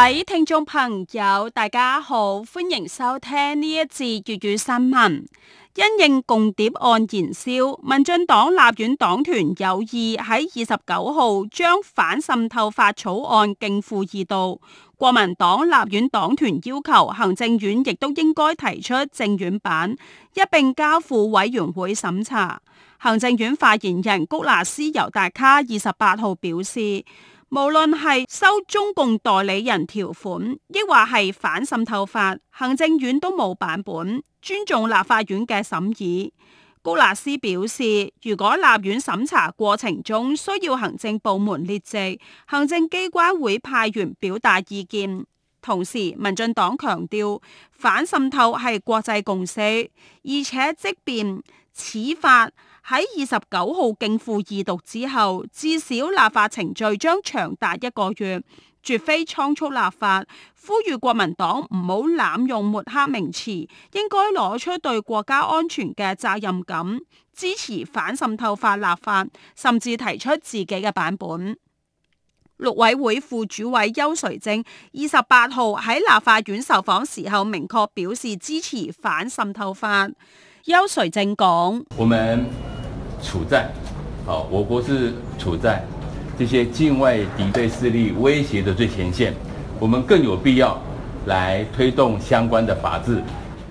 各位聽眾朋友，大家好，歡迎收聽呢一節粵語新聞。因應共諜案燃燒，民進黨立院黨團有意喺二十九號將反滲透法草案逕付二讀。國民黨立院黨團要求行政院亦都應該提出政院版，一併交付委員會審查。行政院發言人谷娜斯尤達卡二十八號表示。無論係收中共代理人條款，抑或係反滲透法，行政院都冇版本，尊重立法院嘅審議。高納斯表示，如果立院審查過程中需要行政部門列席，行政機關會派員表達意見。同時，民進黨強調反滲透係國際共識，而且即便此法。喺二十九號逕付二讀之後，至少立法程序將長達一個月，絕非倉促立法。呼籲國民黨唔好濫用抹黑名詞，應該攞出對國家安全嘅責任感，支持反滲透法立法，甚至提出自己嘅版本。陸委會副主委邱垂正二十八號喺立法院受訪時候，明確表示支持反滲透法。邱垂正講：我們。處在，好，我國是處在這些境外敵對勢力威脅的最前線，我們更有必要來推動相關的法治。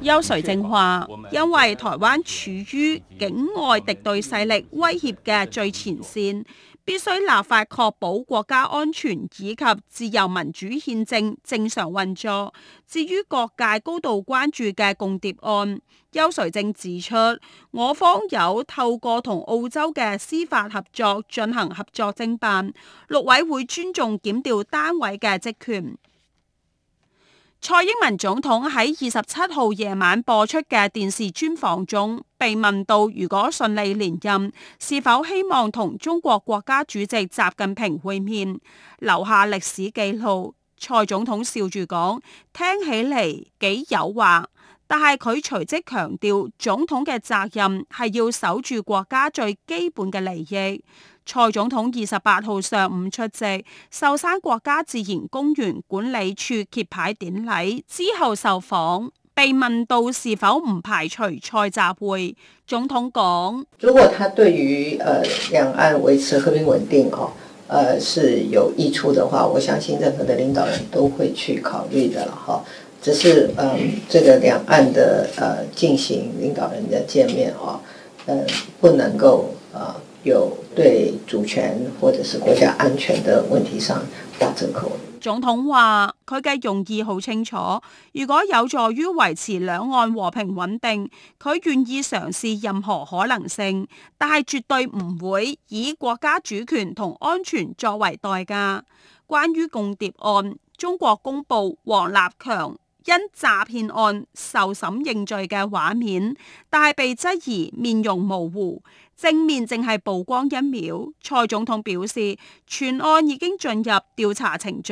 邱瑞正話：因為台灣處於境外敵對勢力威脅嘅最前線，必須立法確保國家安全以及自由民主憲政正常運作。至於各界高度關注嘅共諜案，邱瑞正指出，我方有透過同澳洲嘅司法合作進行合作偵辦，陸委會尊重檢調單位嘅職權。蔡英文總統喺二十七號夜晚播出嘅電視專訪中，被問到如果順利連任，是否希望同中國國家主席習近平會面，留下歷史記錄。蔡總統笑住講：聽起嚟幾誘惑，但係佢隨即強調，總統嘅責任係要守住國家最基本嘅利益。蔡總統二十八號上午出席壽山國家自然公園管理處揭牌典禮之後受訪，被問到是否唔排除蔡習會？總統講：如果他對於呃兩岸維持和平穩定哦，呃是有益處的話，我相信任何的領導人都會去考慮的哈。只是嗯、呃，這個兩岸的呃進行領導人的見面哦、呃，不能夠啊。呃有對主權或者是國家安全的問題上打折扣。總統話，佢嘅用意好清楚，如果有助於維持兩岸和平穩定，佢願意嘗試任何可能性，但係絕對唔會以國家主權同安全作為代價。關於共諜案，中國公布王立強。因詐騙案受審認罪嘅畫面，但係被質疑面容模糊，正面淨係曝光一秒。蔡總統表示，全案已經進入調查程序，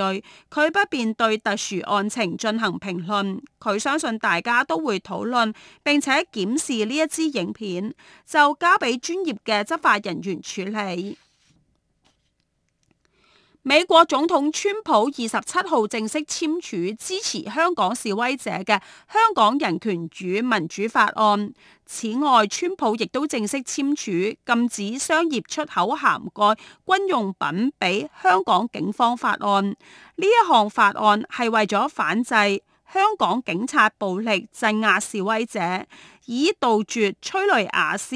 佢不便對特殊案情進行評論。佢相信大家都會討論，並且檢視呢一支影片，就交俾專業嘅執法人員處理。美國總統川普二十七號正式簽署支持香港示威者嘅《香港人權與民主法案》。此外，川普亦都正式簽署禁止商業出口涵蓋軍用品俾香港警方法案。呢一項法案係為咗反制香港警察暴力鎮壓示威者，以杜絕催淚瓦斯、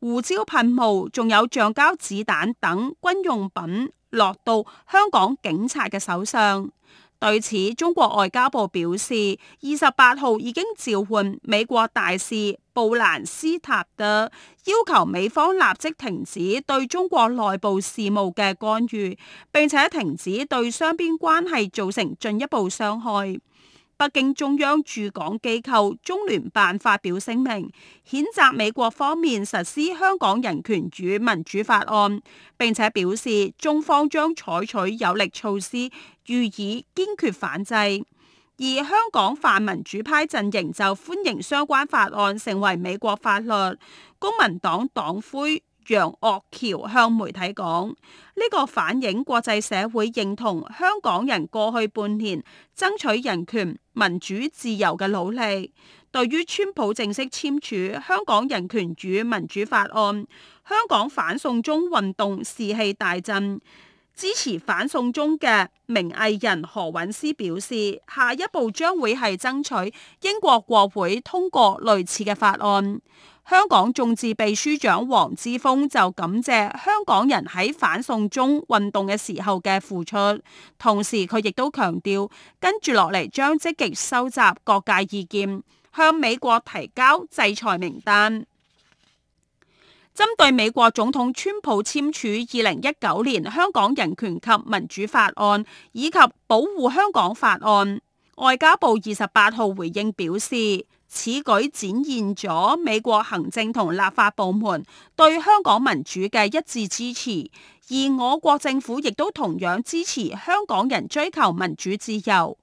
胡椒噴霧，仲有橡膠子彈等軍用品。落到香港警察嘅手上。對此，中國外交部表示，二十八號已經召喚美國大使布蘭斯塔德，要求美方立即停止對中國內部事務嘅干預，並且停止對雙邊關係造成進一步傷害。北京中央駐港機構中聯辦發表聲明，譴責美國方面實施香港人權與民主法案，並且表示中方將採取有力措施予以堅決反制。而香港泛民主派陣營就歡迎相關法案成為美國法律，公民黨黨魁楊岳橋向媒體講：呢、這個反映國際社會認同香港人過去半年爭取人權、民主、自由嘅努力。對於川普正式簽署《香港人權與民主法案》，香港反送中運動士氣大振。支持反送中嘅名藝人何韻詩表示：下一步將會係爭取英國國會通過類似嘅法案。香港眾志祕書長黃之鋒就感謝香港人喺反送中運動嘅時候嘅付出，同時佢亦都強調，跟住落嚟將積極收集各界意見，向美國提交制裁名單。針對美國總統川普簽署二零一九年香港人權及民主法案以及保護香港法案，外交部二十八號回應表示，此舉展現咗美國行政同立法部門對香港民主嘅一致支持，而我國政府亦都同樣支持香港人追求民主自由，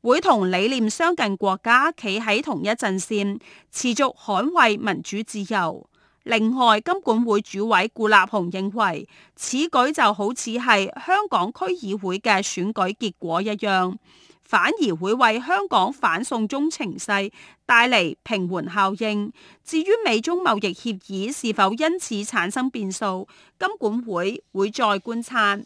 會同理念相近國家企喺同一陣線，持續捍衞民主自由。另外，金管會主委顧立雄認為，此舉就好似係香港區議會嘅選舉結果一樣。反而會為香港反送中情勢帶嚟平緩效應。至於美中貿易協議是否因此產生變數，金管會會再觀察。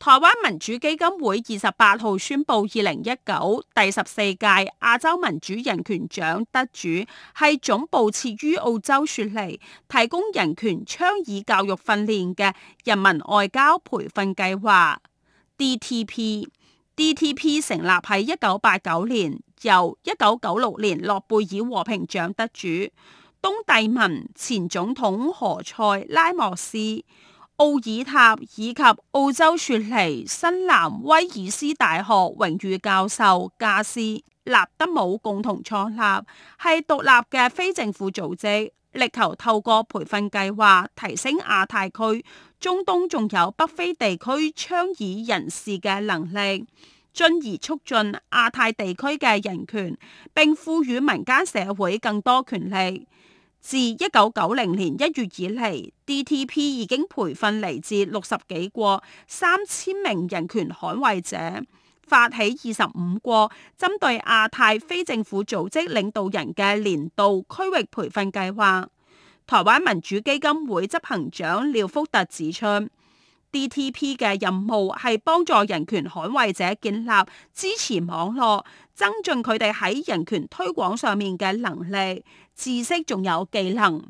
台灣民主基金會二十八號宣布 2019,，二零一九第十四屆亞洲民主人權獎得主係總部設於澳洲雪梨，提供人權倡議教育訓練嘅人民外交培訓計劃 （DTP）。DTP 成立喺一九八九年，由一九九六年諾貝爾和平獎得主、東帝汶前總統何塞拉莫斯、奧爾塔以及澳洲雪梨新南威爾斯大學榮譽教授加斯納德姆共同創立，係獨立嘅非政府組織。力求透過培訓計劃提升亞太區、中東仲有北非地區倡議人士嘅能力，進而促進亞太地區嘅人權，並賦予民間社會更多權力。自一九九零年一月以嚟，DTP 已經培訓嚟自六十幾個三千名人權捍衞者。發起二十五個針對亞太非政府組織領導人嘅年度區域培訓計劃。台灣民主基金會執行長廖福特指出，DTP 嘅任務係幫助人權捍衛者建立支持網絡，增進佢哋喺人權推廣上面嘅能力、知識仲有技能。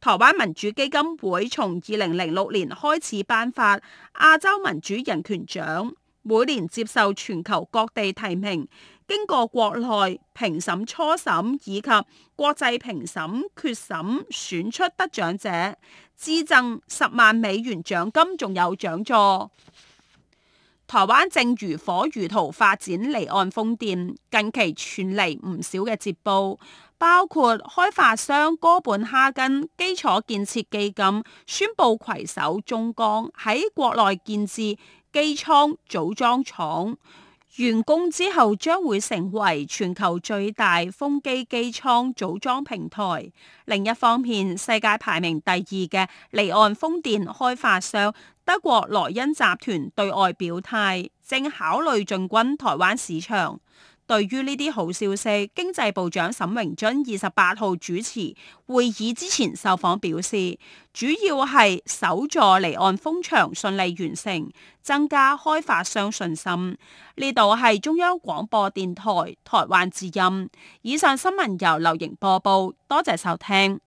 台灣民主基金會從二零零六年開始頒發亞洲民主人權獎。每年接受全球各地提名，經過國內評審初審以及國際評審決審，選出得獎者，資贈十萬美元獎金，仲有獎座。台灣正如火如荼發展離岸風電，近期傳嚟唔少嘅捷報，包括開發商哥本哈根基礎建設基金宣布攜手中鋼喺國內建設。機艙組裝廠完工之後，將會成為全球最大風機機艙組裝平台。另一方面，世界排名第二嘅離岸風電開發商德國萊茵集團對外表態，正考慮進軍台灣市場。對於呢啲好消息，經濟部長沈榮津二十八號主持會議之前受訪表示，主要係首座離岸風場順利完成，增加開發商信心。呢度係中央廣播電台台灣之音。以上新聞由劉瑩播報，多謝收聽。